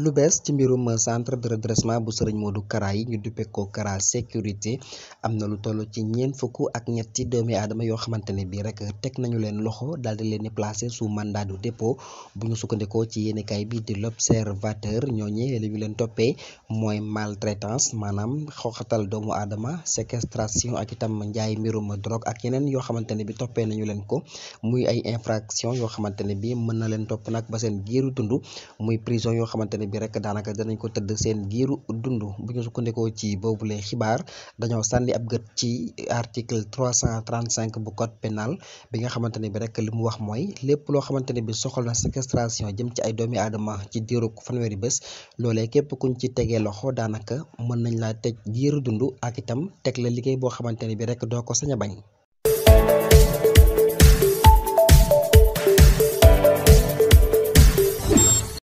lu bees ci mbirum centre de redressement bu sëriñ Modou Kara yi ñu duppe ko Kara sécurité am lu toll ci ñeent fukk ak ñetti doomi aadama yoo xamante ne rek teg nañu leen loxo daal di leen placé sous mandat de dépôt bu ñu sukkandikoo ci yéenekaay bi di l'observateur ñooñe li ñu leen toppee maltraitance manam xoxatal doomu aadama séquestration ak itam njaay mbirum drogue ak yeneen yoo xamante bi nañu leen ko muy ay infraction yoo xamante ne bi basen giro leen topp nag ba seen giiru muy prison yoo xamante bi rek daanaka danañ ko tëdd seen giiru dund bu ñu sukkandikoo ci boobu boobule xibaar dañoo sànni ab gët ci article 335 bu code pénal bi nga xamante ne bi rekk li mu wax mooy lépp loo xamante ne bi soxal na séquestration jëm ci ay doomi aadama ci diiru fanweeri bés loolee képp kuñ ci tegee loxo daanaka mën nañ laa tëj giiru dund ak itam teg la liggéey boo xamante ne bi rek doo ko sañ a bañ